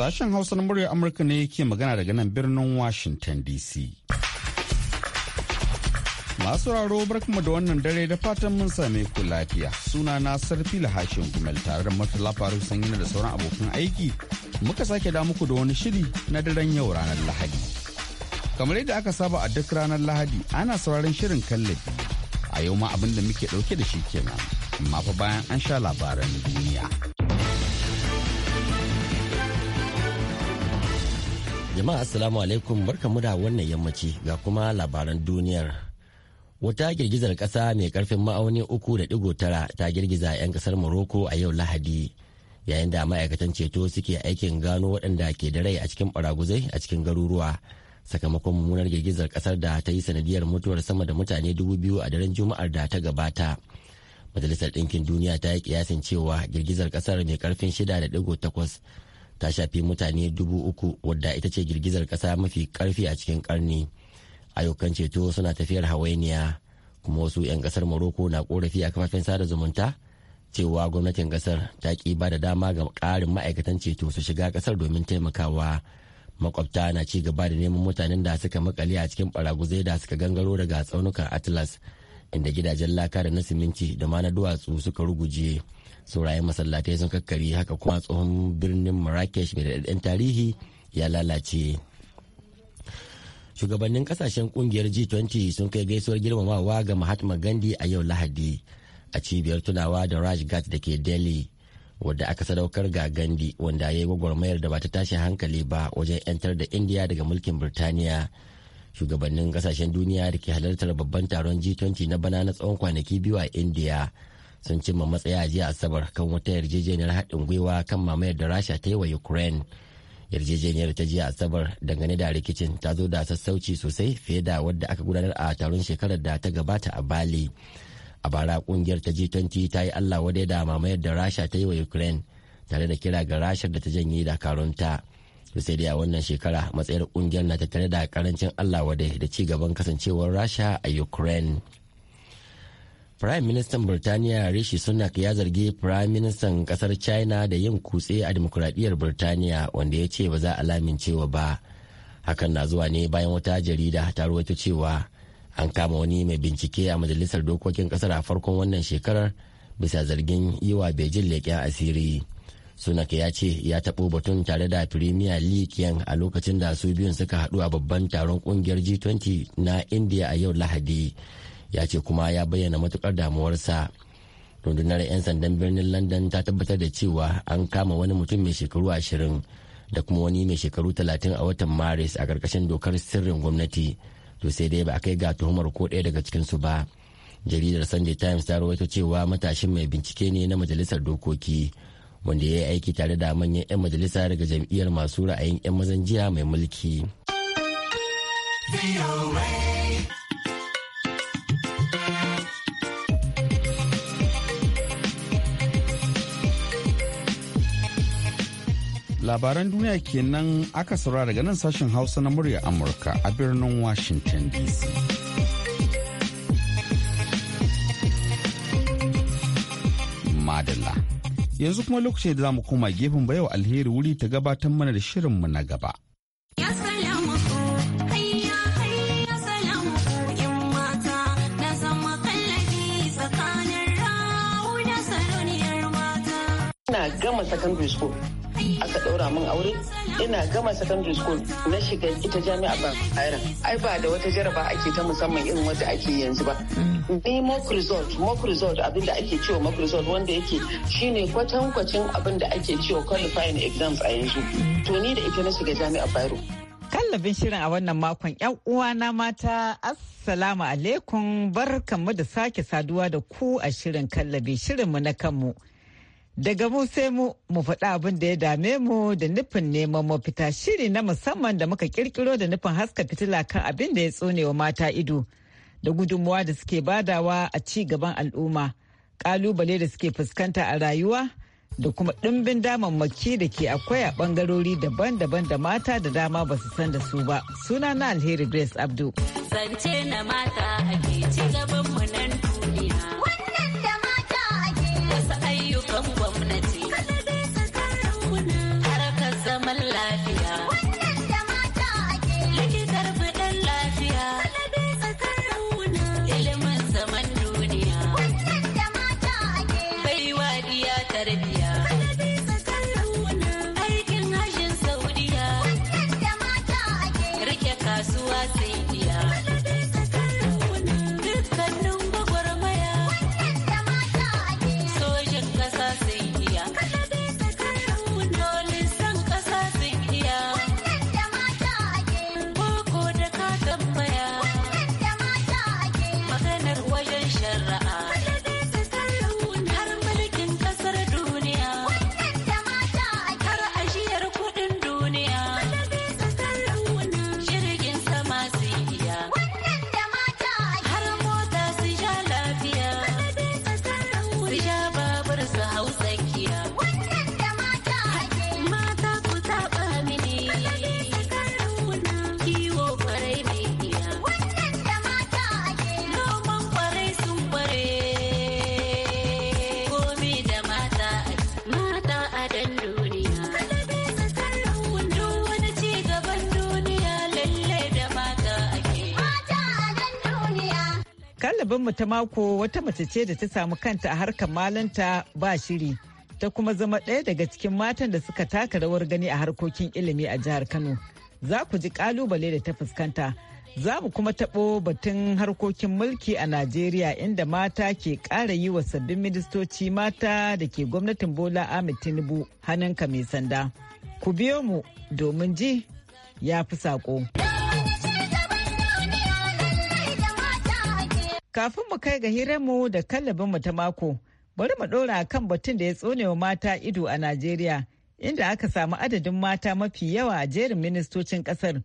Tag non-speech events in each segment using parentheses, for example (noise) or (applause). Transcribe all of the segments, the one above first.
Sashen Hausa na muryar Amurka ne ke magana daga nan birnin Washington DC. Masu raro barkama da wannan dare da fatan mun same ku lafiya. Suna na Sarfi Lahashin Gumel tare da Murtala Faru Sanyina da sauran abokan aiki. Muka sake da muku da wani shiri na daren yau ranar Lahadi. Kamar yadda aka saba a duk ranar Lahadi ana sauraron shirin kallabi. A yau ma abin da muke dauke da shi kenan. Amma fa bayan an sha labaran duniya. Jama'a Assalamu alaikum barkamu da wannan yammaci ga kuma labaran duniyar. Wata girgizar ƙasa mai karfin ma'auni uku da digo tara ta girgiza 'yan ƙasar Morocco a yau Lahadi yayin da ma'aikatan ceto suke aikin gano waɗanda ke da rai a cikin ɓaraguzai a cikin garuruwa sakamakon mummunar girgizar ƙasar da ta yi sanadiyar mutuwar sama da mutane dubu biyu a daren Juma'ar da ta gabata. Majalisar Ɗinkin Duniya ta yi kiyasin cewa girgizar ƙasar mai karfin shida da digo takwas ta shafi mutane dubu uku wadda ita ce girgizar ƙasa mafi karfi a cikin karni ayyukan ceto suna tafiyar hawainiya kuma wasu 'yan kasar morocco na korafi a kafafen sada zumunta cewa gwamnatin kasar ta ki ba da dama ga ƙarin ma'aikatan ceto su shiga ƙasar domin taimakawa makwabta na ci gaba da neman mutanen da suka makale a cikin baraguzai da suka gangaro daga tsaunukan atlas inda gidajen laka da na siminti da ma na duwatsu suka ruguje saurayen masallatai sun kakkari haka kuma tsohon birnin marrakesh mai daɗaɗɗen tarihi ya lalace shugabannin kasashen kungiyar g20 sun kai gaisuwar girmamawa ga mahatma gandhi a yau lahadi a cibiyar tunawa da rajgat da ke delhi wadda aka sadaukar ga gandhi wanda ya yi gwagwarmayar da ba ta tashi hankali ba wajen 'yantar da indiya daga mulkin birtaniya shugabannin kasashen duniya da ke halartar babban taron g20 na bana na tsawon kwanaki biyu a indiya sun cimma matsaya jiya asabar kan wata yarjejeniyar haɗin gwiwa kan mamayar da rasha ta yi wa ukraine yarjejeniyar ta jiya asabar dangane da rikicin ta zo da sassauci sosai fiye da wadda aka gudanar a taron shekarar da ta gabata a bali a bara kungiyar ta g20 ta yi allah wadai da mamayar da rasha ta yi wa ukraine tare da kira ga rashar da ta janye da dakarunta sai dai a wannan shekara matsayar kungiyar na tattare da karancin allah wadai da ci gaban kasancewar rasha a ukraine Prime minister Birtaniya Rishi Sunak ya zargi Prime Minister kasar China da yin kutse a demokuraɗiyar Birtaniya wanda ya ce ba za a lamincewa ba. Hakan na zuwa ne bayan wata jarida ta ruwaito cewa an kama wani mai bincike a majalisar dokokin kasar a farkon wannan shekarar bisa zargin yi wa Beijing leƙen asiri. Sunak ya ce ya taɓo batun tare da Premier League yan a lokacin da su biyun suka haɗu a babban taron ƙungiyar G20 na India a yau Lahadi. ya ce kuma ya bayyana matukar damuwarsa rundunar 'yan sandan birnin london ta tabbatar da cewa an kama wani mutum mai shekaru ashirin da kuma wani mai shekaru talatin a watan maris a karkashin dokar sirrin gwamnati to sai dai ba a kai ga tuhumar ko ɗaya daga cikinsu ba jaridar sunday times ta rawaito cewa matashin mai bincike ne na majalisar dokoki wanda ya yi aiki tare da manyan 'yan majalisa daga jam'iyyar masu ra'ayin 'yan mazan jiya mai mulki. labaran duniya kenan aka saura daga nan sashen hausa na murya amurka a birnin washington dc madalla yanzu kuma lokacin da za mu koma gefen bayo alheri wuri ta gabatar mana da shirinmu na gaba ina gama secondary school aka ɗaura min aure ina gama secondary school na shiga ita jami'a ba ai ba da wata jaraba ake ta musamman irin wadda ake yanzu ba ni mock result mock result abin da ake cewa mock result wanda yake shine kwatankwacin abin da ake cewa qualifying exams a yanzu to ni da ita na shiga jami'a bayero kallabin shirin a wannan makon yan uwana mata assalamu alaikum barkanmu da sake saduwa da ku a shirin kallabi shirinmu na kanmu Daga mu sai mu mu faɗa abin da ya dame mu da nufin neman mafita shiri na musamman da muka kirkiro da nufin haska fitila kan abin da ya tsone wa mata ido da gudunmuwa da suke badawa a ci gaban al'umma, kalubale da suke fuskanta a rayuwa da kuma ɗimbin damammaki da ke akwai a ɓangarori daban-daban da mata da dama ba su san da su ba. Suna na Alheri Grace Abdu. Zance na mata a ci gaba mu ta mako wata mace ce da ta samu kanta a harkar malanta ba shiri ta kuma zama ɗaya daga cikin matan da suka taka rawar gani a harkokin ilimi a jihar Kano. Za ku ji kalubale da ta fuskanta. Za mu kuma taɓo batun harkokin mulki a Najeriya inda mata ke ƙara yi wa sabbin ministoci mata da ke gwamnatin Bola Ahmed Tinubu hannunka mai sanda. Ku biyo mu domin ji ya fi saƙo. Kafin mu kai ga hiranmu da kallabin mu ta mako, bari mu ɗora kan batun da ya tsone wa mata ido a Najeriya, inda aka samu adadin mata mafi yawa a jerin ministocin ƙasar.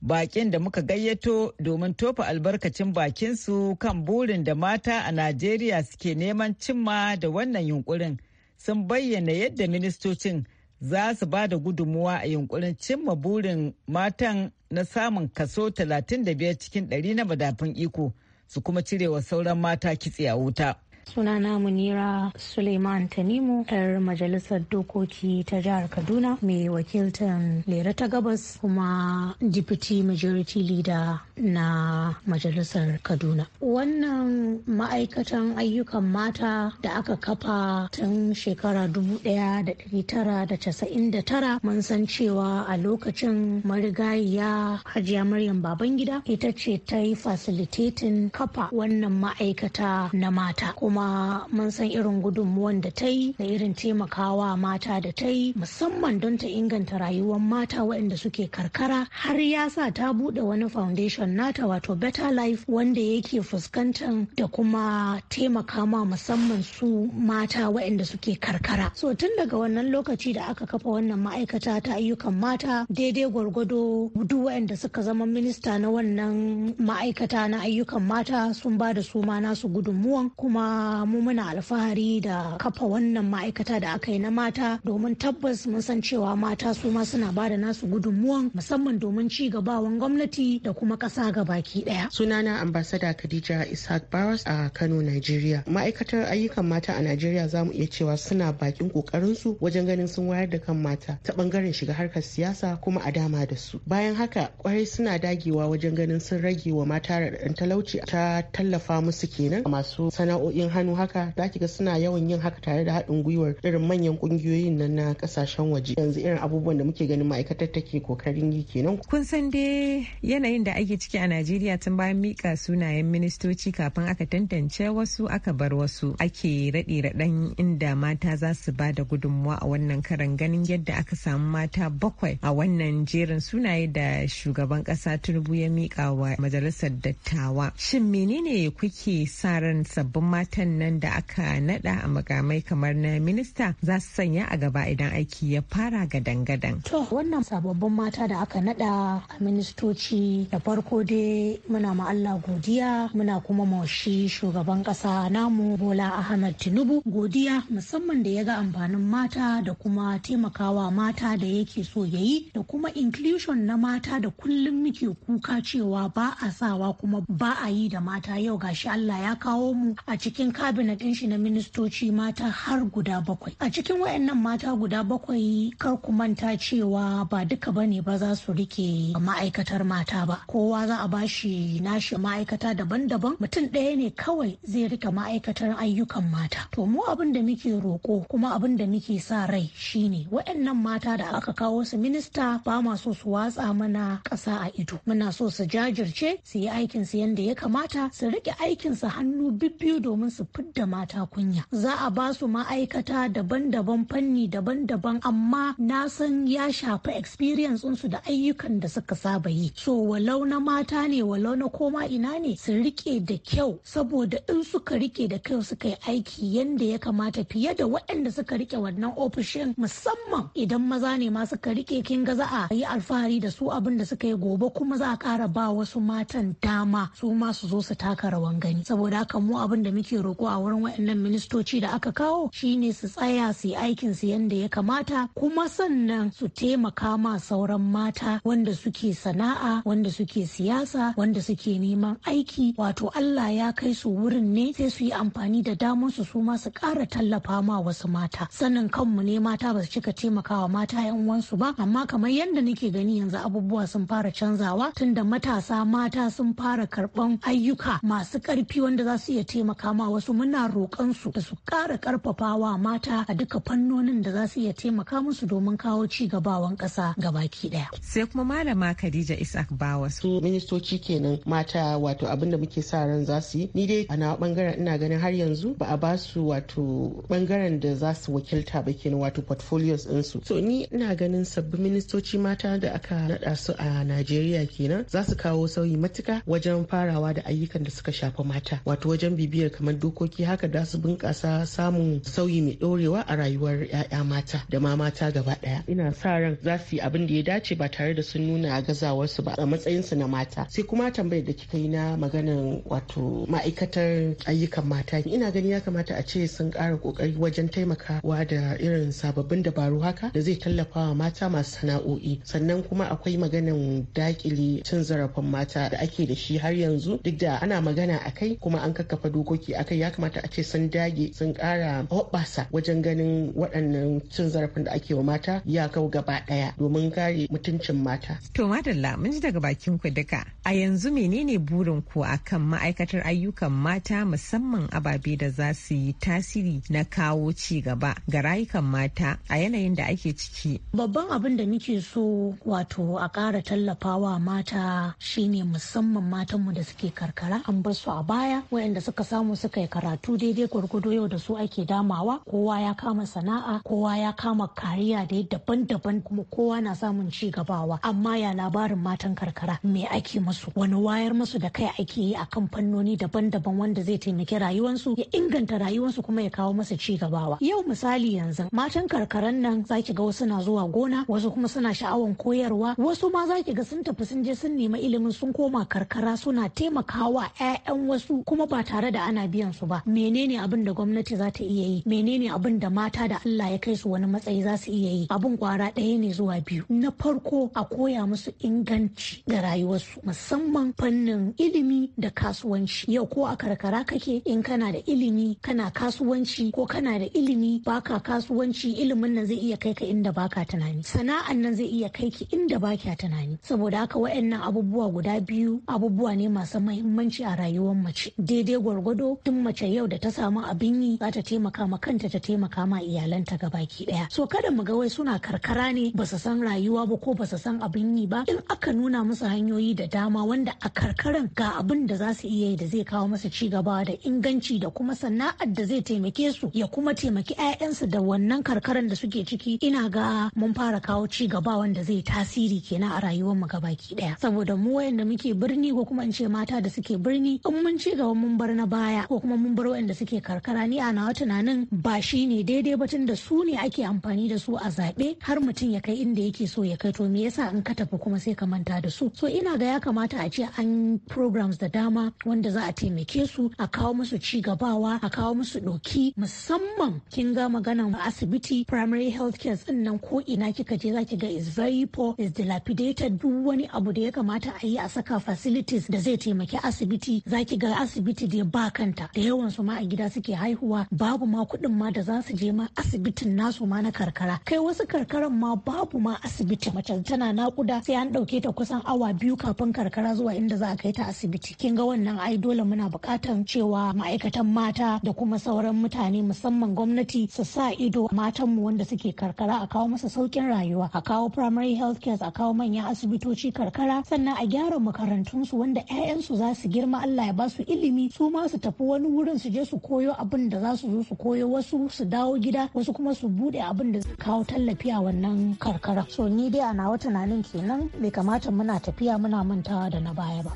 Bakin da muka gayyato domin tofa albarkacin bakinsu kan burin da mata a Najeriya suke neman cimma da wannan yunkurin sun bayyana yadda ministocin za su ba da gudunmuwa a yunkurin cimma burin matan na samun kaso 35 cikin 100 na madafin iko. su kuma cirewa sauran mata kitse a wuta. Sunana Munira Suleiman Tanimu, 'yar Majalisar Dokoki ta Jihar Kaduna, mai wakiltan Lera ta Gabas kuma Deputy Majority Leader na Majalisar Kaduna. Wannan ma'aikatan ayyukan mata da aka kafa tun shekara 1999 mun san cewa a lokacin marigayiya Hajiya Maryam Babangida ita ce ta yi facilitating kafa wannan ma'aikata na mata. Kuma kuma mun san irin gudunmuwan da ta yi da irin taimakawa mata da ta yi musamman don ta inganta rayuwar mata waɗanda suke karkara har ya sa ta buɗe wani foundation nata wato better life wanda yake fuskantar da kuma taimaka ma musamman su mata waɗanda suke karkara so tun daga wannan lokaci da aka kafa wannan ma'aikata ta ayyukan mata daidai gwargwado duk waɗanda suka zama minista na wannan ma'aikata na ayyukan mata sun ba da su ma nasu gudunmuwan kuma mu muna alfahari da kafa wannan ma'aikata da aka yi na mata domin tabbas mun san cewa mata su ma suna ba da nasu gudunmuwan musamman domin ci gabawan gwamnati da kuma ƙasa baki ɗaya. Sunana ambasada Khadija Ishaq Baras a Kano, nigeria Ma'aikatar ayyukan mata a nigeria za mu iya cewa suna bakin su wajen ganin sun wayar da kan mata ta bangaren shiga harkar siyasa kuma a dama da su. Bayan haka kwarai suna dagewa wajen ganin sun rage wa mata raɗaɗin talauci ta tallafa musu kenan masu sana'o'in hannu haka za ki ga suna yawan yin haka tare da haɗin gwiwar irin manyan ƙungiyoyin nan na ƙasashen waje yanzu irin abubuwan da muke ganin ma'aikatar take kokarin yi kenan. kun san dai yanayin da ake ciki a najeriya tun bayan mika sunayen ministoci kafin aka tantance wasu aka bar wasu ake raɗe raɗen inda mata za su ba da gudunmuwa a wannan karan ganin yadda aka samu mata bakwai a wannan jerin sunaye da shugaban ƙasa tinubu ya mika wa majalisar dattawa shin menene kuke sa ran sabbin matan kan nan da aka nada a makamai kamar na minista za su sanya a gaba idan aiki ya fara gadan-gadan. To wannan sababbin mata da aka nada a ministoci da farko dai muna ma Allah godiya muna kuma maushi shugaban kasa namu Bola Ahmed Tinubu godiya musamman da ya ga amfanin mata da kuma taimakawa mata da yake so ya yi da kuma inclusion na mata da kullum muke kuka cewa ba a sawa kuma ba a yi da mata yau gashi Allah ya kawo mu a cikin kabinet ɗin shi na ministoci mata har guda bakwai a cikin wayannan mata guda bakwai kar ku manta cewa ba duka bane ba za su rike ma'aikatar mata ba kowa za a bashi nashi ma'aikata daban-daban mutum ɗaya ne kawai zai rike ma'aikatar ayyukan mata to mu abin da muke roƙo kuma abin da muke sa rai shine wayannan mata da aka kawo su minista ba ma so su watsa mana ƙasa a ido muna so su jajirce su yi aikin su yanda ya kamata su rike aikin su hannu bibbiyu domin su fidda mata kunya za a ba su ma'aikata daban-daban fanni daban-daban amma na san ya shafi experience su da ayyukan da suka saba yi so walau na mata ne walau na koma ina ne su rike da kyau saboda in suka rike da kyau suka yi aiki yanda ya kamata fiye da waɗanda suka rike wannan ofishin musamman idan maza ne ma suka rike kin ga za a yi alfahari da su abin da suka yi gobe kuma za a ƙara ba wasu matan dama su ma su zo su taka rawan gani saboda haka mu abin da muke roko a wurin waɗannan ministoci da aka kawo shine su tsaya su yi aikin su yanda ya kamata kuma sannan su taimaka ma sauran mata wanda suke sana'a wanda suke siyasa wanda suke neman aiki wato Allah ya kai su wurin ne sai su yi amfani da damar su su ma su ƙara tallafa ma wasu mata sanin kanmu ne mata ba su cika taimakawa mata yan uwansu ba amma kamar yadda nake gani yanzu abubuwa sun fara canzawa tunda matasa mata sun fara karɓan ayyuka masu ƙarfi wanda za su iya taimaka ma wasu muna roƙon su da su ƙara ƙarfafawa mata a duka fannonin da za su iya taimaka musu domin kawo ci gabawan ƙasa gabaki ɗaya. Sai kuma malama Khadija Isaac Bawa su ministoci kenan mata wato abin da muke sa ran za su yi ni dai a na bangaren ina ganin har yanzu ba a ba su wato bangaren da za su wakilta ba kenan wato portfolios su. So ni ina ganin sabbin ministoci mata da aka naɗa su a Najeriya kenan za su kawo sauyi matuka wajen farawa da ayyukan da suka shafi mata wato wajen bibiyar kamar dokoki haka da su bunƙasa samun sauyi mai ɗorewa a rayuwar 'ya'ya mata da ma mata gaba ɗaya ina sa ran za su yi abin da ya dace ba tare da sun nuna a gazawarsu ba a matsayin su na mata sai kuma tambayar da kika yi na maganan wato ma'aikatar ayyukan mata ina gani ya kamata a ce sun ƙara ƙoƙari wajen taimakawa da irin sababbin dabaru haka da zai tallafa wa mata masu sana'o'i sannan kuma akwai maganan dakile cin zarafin mata da ake da shi har yanzu duk da ana magana akai kuma an kakkafa dokoki akai kai ya kamata a ce sun dage sun kara waɓasa wajen ganin waɗannan cin zarafin da ake wa mata ya kau gaba ɗaya domin kare mutuncin mata. To madalla mun ji daga bakin ku duka a yanzu menene burin ku akan ma'aikatar ayyukan mata musamman ababe da za su yi tasiri na kawo ci gaba ga rayukan mata a yanayin da ake ciki. Babban abin da muke so wato a ƙara tallafawa mata shine musamman matanmu da suke karkara an bar su a baya waɗanda suka samu suka karatu daidai gwargwado yau da su ake damawa kowa ya kama sana'a kowa ya kama kariya da daban-daban kuma kowa na samun ci gabawa amma ya labarin matan karkara me ake musu wani wayar musu da kai ake yi akan fannoni daban-daban wanda zai taimaki rayuwarsu ya inganta rayuwarsu kuma ya kawo masa ci gabawa yau misali yanzu matan karkaran nan zaki ga wasu na zuwa gona wasu kuma suna sha'awan koyarwa wasu ma zaki ga sun tafi sun je sun nemi ilimin sun koma karkara suna taimakawa 'ya'yan wasu kuma ba tare da ana biyan su ba menene abin da gwamnati za ta iya yi menene abin da mata da Allah ya kai su wani matsayi za su iya yi abin kwara ɗaya ne zuwa biyu na farko a koya musu inganci ga rayuwarsu musamman fannin ilimi da kasuwanci yau ko a karkara kake in kana da ilimi kana kasuwanci ko kana da ilimi baka kasuwanci ilimin nan zai iya kai ka inda baka tunani sana'an nan zai iya kai ki inda baka tunani saboda haka waɗannan abubuwa guda biyu abubuwa ne masu mahimmanci a rayuwar mace daidai gwargwado duk mace yau da ta samu abin yi za ta taimaka ma kanta ta taimaka ma iyalanta gabaki daya so kada mu ga wai suna karkara ne ba su san rayuwa ba ko ba su san abin yi ba in aka nuna musu hanyoyi da dama wanda a karkaran ga abin da za su iya yi da zai kawo masa ci gaba da inganci da kuma sana'ar da zai taimake su ya kuma taimaki 'ya'yansu da wannan karkaran da suke ciki ina ga mun fara kawo ci gaba wanda zai tasiri kenan a rayuwar mu gabaki daya saboda mu wayanda muke birni ko kuma in ce mata da suke birni in mun ci gaba mun bar na baya ko kuma mun bar waɗanda suke karkara ni a nawa tunanin ba shi ne daidai ba tun da su ne ake amfani da su a zaɓe har mutum ya kai inda yake so ya kai to me yasa in ka tafi kuma sai ka manta da su so ina ga ya kamata a ce an programs da dama wanda za a taimake su a kawo musu ci gabawa a kawo musu ɗoki musamman kin ga maganan asibiti primary health care din nan ko ina kika je za ki ga is very poor is dilapidated duk wani abu da ya kamata a yi a saka facilities da zai taimaki asibiti za ki ga asibiti da ba kanta da yawan su ma a gida suke haihuwa babu ma kuɗin ma da za su je ma asibitin nasu ma na karkara kai wasu karkaran ma babu ma asibiti mace tana nakuda sai an ɗauke ta kusan awa biyu kafin karkara zuwa inda za a kai ta asibiti kin ga wannan ai dole muna buƙatan cewa ma'aikatan mata da kuma sauran mutane musamman gwamnati su sa ido matanmu wanda suke karkara a kawo masa saukin rayuwa a kawo primary health care a kawo manyan asibitoci karkara sannan a gyara makarantunsu wanda 'ya'yansu za su girma Allah ya ba su ilimi su ma su tafi wani wani wurin su je su koyo abin da za su zo su koyo wasu su dawo gida wasu kuma su bude abin da zai kawo tallafi a wannan karkara so ni dai a nawa tunanin kenan bai kamata muna tafiya muna mantawa da na baya ba.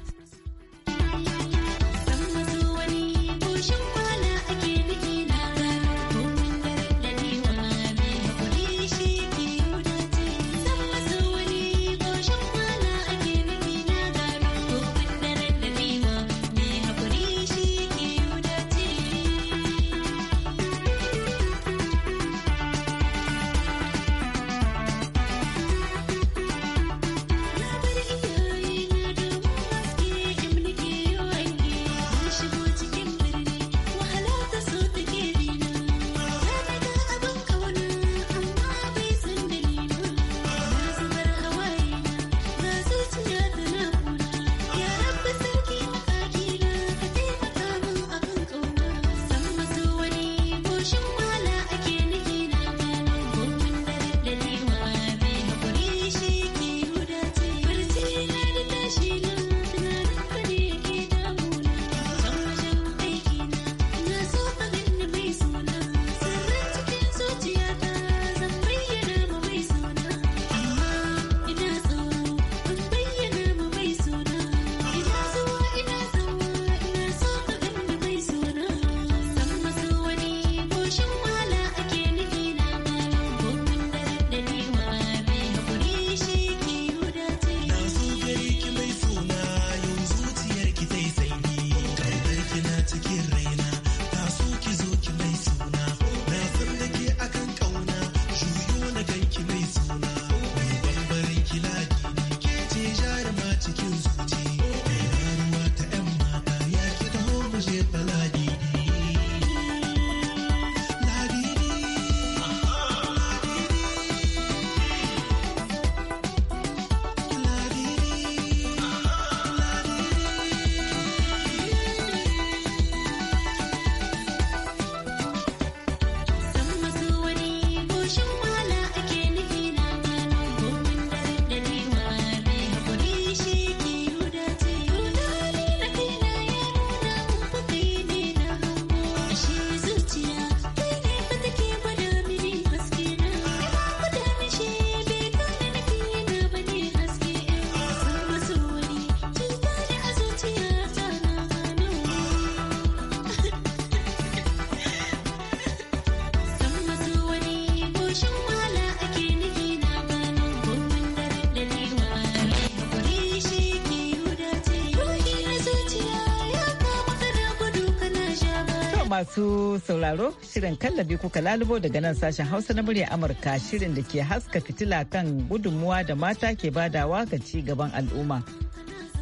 masu sauraro shirin kallabi kuka lalubo daga nan sashen hausa na murya amurka shirin da ke haska fitila kan gudunmuwa da mata ke badawa ga ci gaban al'umma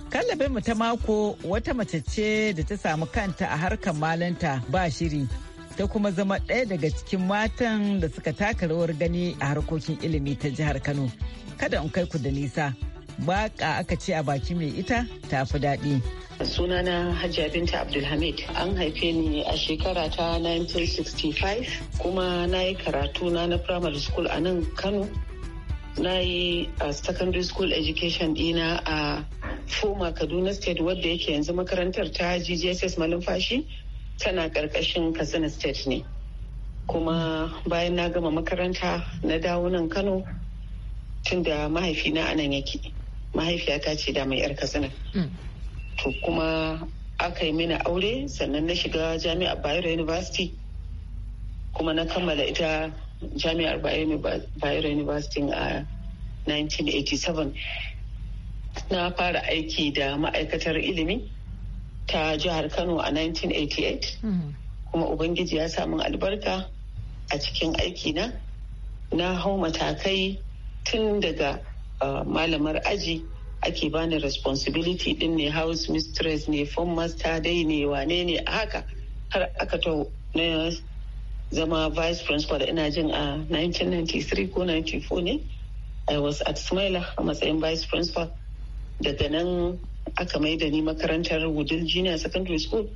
kallabin mu ta mako wata mace ce da ta samu kanta a harkar malanta ba shiri ta kuma zama ɗaya daga cikin matan da suka taka rawar gani a harkokin ilimi ta jihar kano kada in kai ku da nisa baka aka ce a baki mai ita ta fi daɗi sunana hajiya binta abdulhamid an haife ni a shekara ta 1965 kuma na yi karatu na na primary school a nan kano na yi a secondary school education dina a foma kaduna state wadda yake yanzu makarantar ta ggss malumfashi tana karkashin katsina state ne kuma bayan na gama makaranta na dawo nan kano tunda mahaifina a nan yake mahaifiyata ce da mai yar katsina hmm. to kuma aka yi mini aure sannan na shiga jami'ar bayero university kuma na kammala ita jami'ar bayero university a 1987 na fara aiki da ma'aikatar ilimi ta jihar kano a 1988 mm-hmm. kuma ubangiji ya samu albarka a cikin na. na hau matakai tun daga uh, malamar aji ake bani responsibility din ne house mistress ne form master dai ne wane ne a haka har aka to na zama vice principal ina jin a 1993 ko 94 ne i was at smaila a matsayin vice principal daga nan aka mai da ni makarantar wudil junior secondary school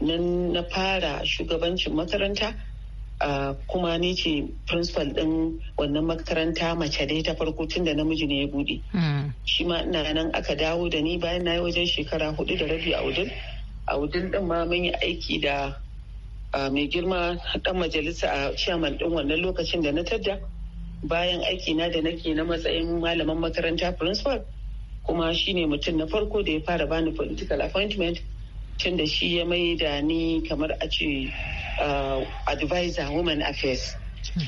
nan na fara shugabancin makaranta kuma ni ce principal din wannan makaranta mace dai ta farko tun da namiji ne ya bude hmm. shi ma ina nan aka dawo da ni bayan na yi wajen shekara hudu da rabi a udin a udin din ma mun yi aiki da mai girma dan majalisa a chairman din wannan lokacin da na tadda bayan aiki na da nake na matsayin malaman makaranta principal kuma shine mutum na farko da ya fara bani political appointment can da shi ya mai da ni kamar a ce uh, advisor women affairs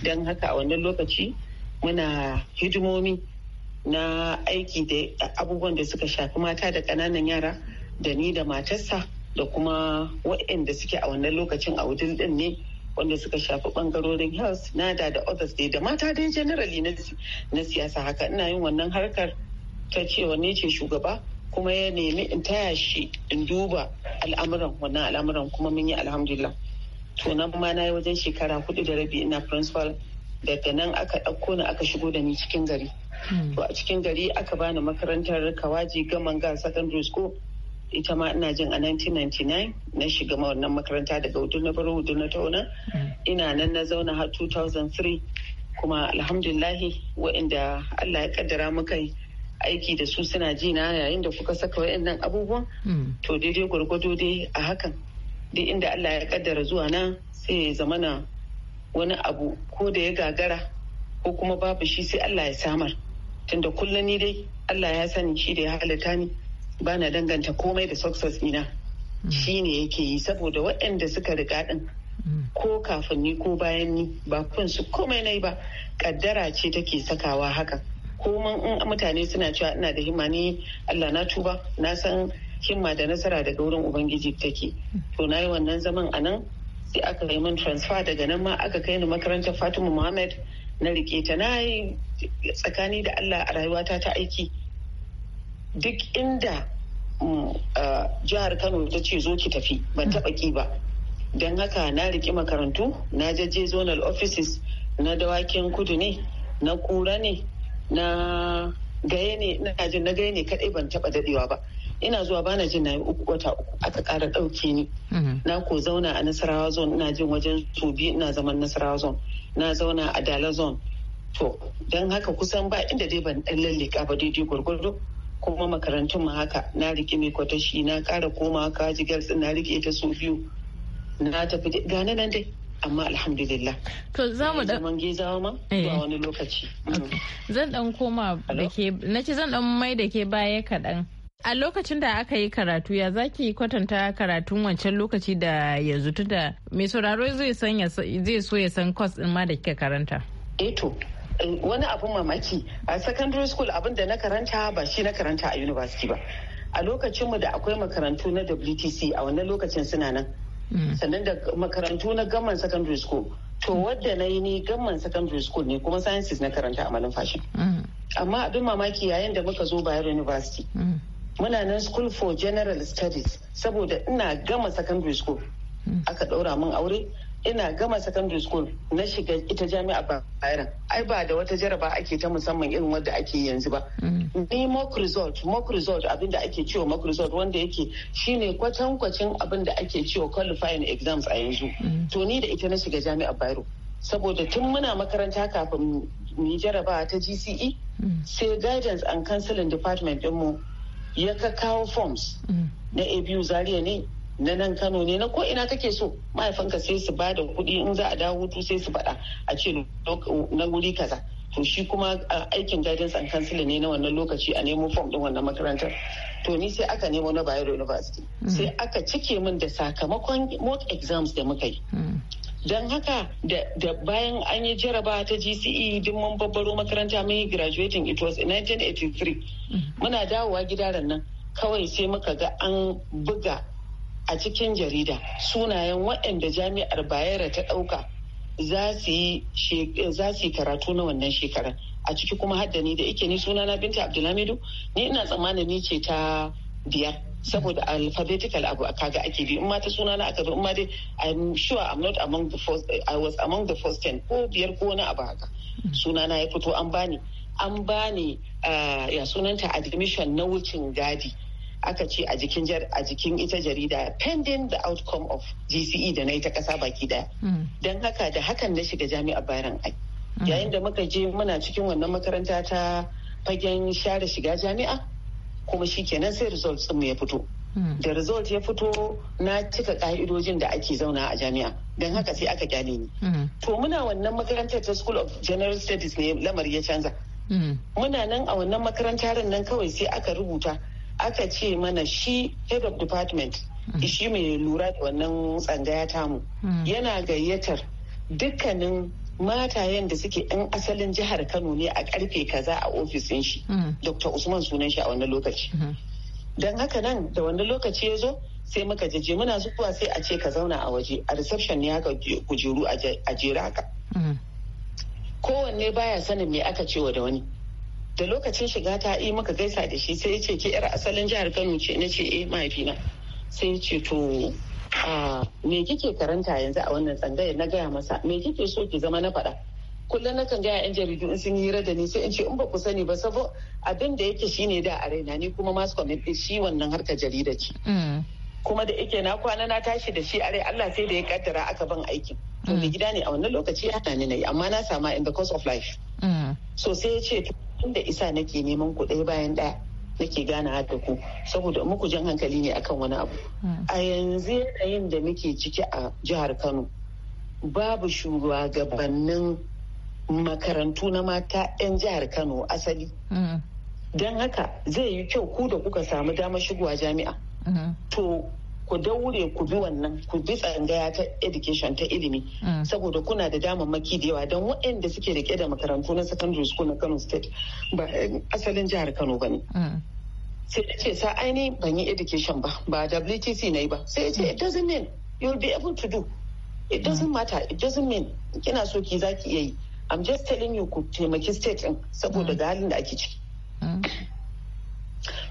don haka a wannan lokaci muna hidimomi na aiki da abubuwan da suka shafi mata da kananan yara da ni da matarsa da kuma waɗanda suke a wannan lokacin a wudil din ne wanda suka shafi ɓangarorin health nada da others dai da mata dai generally na siyasa haka ina yin wannan harkar ta cewa ne ce shugaba kuma ya nemi in taya shi in duba al'amuran wannan al'amuran kuma mun yi alhamdulillah to nan ma na yi wajen shekara hudu da rabi ina principal daga nan aka ɗauko ni aka shigo da ni cikin gari hmm. to a cikin gari aka bani makarantar kawaji gaman ga secondary school ita ma ina jin a 1999 na shiga wannan makaranta daga hudu na baro hudu na tauna hmm. ina nan na zauna har 2003 kuma alhamdulahi waɗanda Allah ya kaddara muka yi aiki da su suna ji na yayin da kuka saka waɗannan abubuwan hmm. to daidai gwargwado dai a hakan duk inda Allah ya kaddara zuwa na sai ya zama na wani abu ko da ya gagara ko kuma babu shi sai Allah ya samar tunda kullum ni dai Allah ya sani shi da ya halitta ni ba na danganta komai da success ina hmm. shi ne yake yi saboda waɗanda suka riga ɗin hmm. ko kafin ni ko bayan ni ba kun su komai yi ba kaddara ce take sakawa hakan koman in mutane suna cewa ina da himma ni Allah na tuba na san himma da nasara daga wurin ubangiji take to na yi wannan zaman a nan sai aka yi min transfer daga nan ma aka kai ni makarantar Fatima Muhammad na rike ta na yi tsakani da Allah a rayuwata ta aiki duk inda mm, jihar Kano ta ce zo ki tafi ban taba ki ba don haka na riki makarantu na jaje zonal offices na dawakin kudu ne na kura ne na gaye ne ina jin na gaye ne kadai ban taba dadewa ba ina zuwa bana jin na yi uku wata uku aka kara ɗauke ni mm-hmm. na ko zauna a nasarawa zone ina jin wajen su biyu ina zaman nasarawa zone na zauna a dala zone to don haka kusan ba inda dai ban dan lallika ba daidai gwargwado kuma makarantun ma haka na rike mai kwatashi na kara komawa kaji girls na rike ta su biyu na tafi gane nan dai amma alhamdulillah to za mu dan za ma ba eh. wani lokaci (laughs) zan dan koma da ke nace zan dan mai da ke baya kadan a lokacin da aka yi karatu ya zaki kwatanta karatun wancan lokaci da yanzu tunda mai sauraro zai zai so ya san kwas din ma da kika karanta eh to eh, wani abun mamaki a secondary school abin da na karanta ba shi na karanta a university ba a lokacinmu da akwai makarantu na wtc a wannan lokacin suna nan sannan da makarantu na gaman secondary school to wadda na yi ni gaman secondary school ne kuma sciences na karanta a amma abin mamaki yayin da muka zo bayero university muna nan school for general studies saboda ina gama secondary school aka ɗaura min aure ina gama secondary school na shiga ita jami'a bayaran ai ba da wata jaraba ake ta musamman irin wanda ake yanzu ba mm. ni mock result mock result abinda ake cewa mock result wanda yake shine abin da ake cewa qualifying exams a yanzu mm. to ni da ita na shiga jami'a bayero saboda tun muna makaranta kafin mu jaraba ta GCE mm. sai guidance and counseling department mu ya ka kawo forms na abu zaria ne na nan kano ne na ko ina kake so mahaifanka sai su ba da kuɗi in za a dawo hutu sai su faɗa a ce na wuri kaza to shi kuma aikin guidance and counseling ne na wannan lokaci a nemo form ɗin wannan makarantar to ni sai aka nemo na bayero university hmm. sai aka cike min da sakamakon mock exams da muka yi hmm. don haka da bayan an yi jaraba ta gce duk mun babbaro makaranta mun yi graduating it was in 1983 hmm. muna dawowa gidaran nan kawai sai muka ga an buga a cikin jarida sunayen waɗanda jami'ar bayero ta ɗauka za su yi karatu na wannan shekarar a ciki kuma haddani da ike ni sunana binta abdulhamidu ni ina tsammanin ni ce ta biyar saboda alphabetical abu kaga ake bi in ma ta sunana aka zo in ma dai i'm sure i'm not i was among the first ten ko biyar ko wani abu haka sunana ya fito an bani an bani ah, ya sunanta admission na wucin gadi aka ce a jikin a jikin ita jarida pending the outcome of GCE da na ta kasa baki daya hmm. don haka da hakan na shiga jami'a bayan ai hmm. yayin da muka je muna cikin wannan makaranta ta fagen share shiga jami'a kuma shi kenan sai result mu ya fito hmm. da result ya fito na cika ka'idojin da ake zauna a jami'a don haka sai aka gane ni to muna wannan makarantar ta school of general studies ne lamari ya canza muna nan a wannan makarantar nan kawai sai aka rubuta aka ce mana shi head of department mm. shi mai lura da wannan tsangaya tamu mm. yana gayyatar dukkanin mata yadda suke yan asalin jihar kano ne a karfe kaza a ofisin shi mm. dr usman sunan shi a wannan lokaci mm-hmm. don haka nan da wannan lokaci ya zo sai muka jeje muna zuwa sai a ce ka zauna a waje a reception ne haka kujeru a jera haka mm-hmm. kowanne baya sanin me aka cewa da wani da lokacin shiga ta yi maka gaisa da shi sai ya ce ke yar asalin jihar kano ce na ce eh mahaifina sai ce to me kike karanta yanzu a wannan tsangayar na gaya masa me kike so ki zama na faɗa kullum na kan gaya 'yan jaridu in sun yi da ni sai in ce in ba ku sani ba sabo abin da yake shine da a raina ni kuma masu kwamin shi wannan harkar jarida ce mm. kuma da yake na kwana na tashi da shi are Allah sai da ya kaddara aka ban aiki. to da mm. gida ne a wannan lokaci ya hana ni nayi amma na sama in the course of life mm. so sai ya ce tunda isa nake neman ku bayan ɗaya nake gana da ku saboda muku jan hankali ne akan wani abu hmm. a yanzu yanayin da muke ciki a jihar kano babu shugabannin makarantu na mata 'yan jihar kano asali hmm. don haka zai yi kyau ku da kuka samu damar shigowa jami'a hmm. to ku daure ku bi wannan ku bi tsangaya ta education ta ilimi mm. saboda kuna da damar maki da yawa don waɗanda suke rike da makarantu na secondary school na Kano state ba asalin jihar Kano ba ne. Mm. sai ya ce sa aini ban yi education ba ba WTC na yi ba sai ya ce mm. it doesn't mean you'll be able to do it doesn't matter it doesn't mean kina so ki zaki iya yi I'm just telling you ku taimaki state din saboda ga halin da ake ciki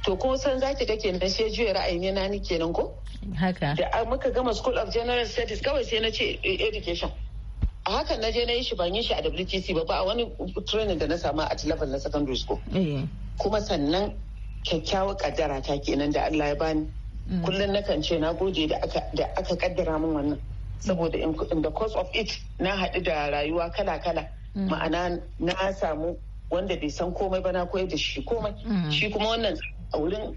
to ko san zaki ga na sai juya ra'ayi ne na ni kenan ko haka da muka gama school of general studies kawai sai na ce eh, education a hakan na je na yi shi ban yi shi a WTC ba ba a wani training da na samu a level na secondary school eh. kuma sannan kyakkyawar kaddara ta kenan da Allah ya bani mm. kullum na kan ce na gode da aka kaddara min wannan saboda in the course of it na haɗu da rayuwa kala-kala mm. ma'ana na samu wanda bai san komai ba na koyar da shi komai mm. shi kuma wannan a wurin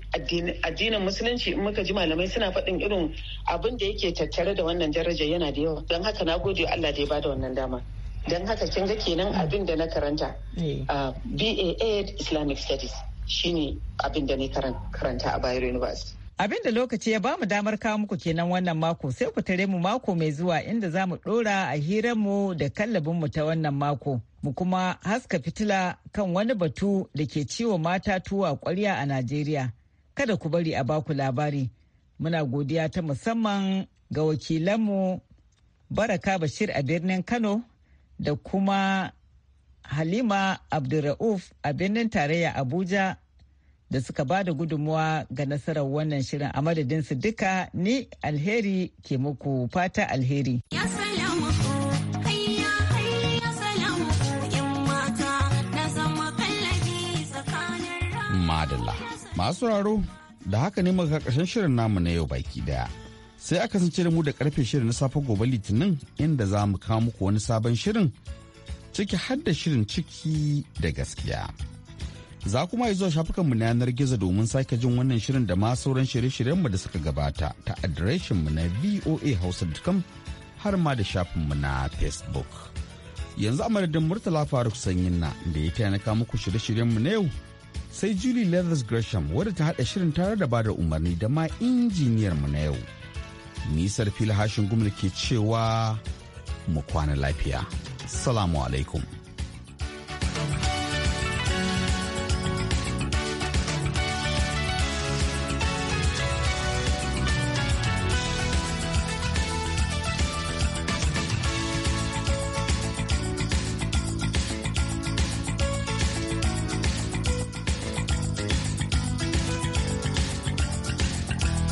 addinin musulunci in muka ji malamai suna faɗin irin abin da yake tattare da wannan daraja yana da yawa don haka na gode Allah da ya bada wannan dama don haka kin ga kenan abin da na karanta BAA eh. Islamic Studies shine abin da na karanta a Bayero University Abin da lokaci ya bamu damar kawo muku kenan wannan mako sai ku tare mu mako mai zuwa inda za mu ɗora a mu da kallabin mu ta wannan mako. Mu kuma haska fitila kan wani batu da ke ciwo mata tuwa kwarya a Najeriya. Kada ku bari a baku labari. Muna godiya ta musamman ga wakilanmu Baraka Bashir a birnin Kano da kuma Halima Abdulra'uf a birnin tarayya Abuja da suka ba da gudunmuwa ga nasarar wannan shirin a madadinsu duka ni alheri ke muku fata alheri. Madalla. Masu raro da haka ne muka karshen shirin namu na yau baki daya. Sai aka sance da mu da karfe shirin na safe gobe litinin inda za mu kawo muku wani sabon shirin ciki har da shirin ciki da gaskiya. Za kuma yi zuwa shafukanmu na yanar gizo domin sake jin wannan shirin da ma sauran shirye-shiryenmu da suka gabata ta adireshinmu na voa hausa.com har ma da shafinmu na Facebook. Yanzu a madadin Murtala Faruk Sanyin na da ya taimaka muku shirye-shiryenmu na yau sai Julie Leathers Gresham wadda ta haɗa shirin tare da bada umarni da ma injiniyar mu na yau. Nisar fil hashin gumul ke cewa mu kwana lafiya. Salamu alaikum.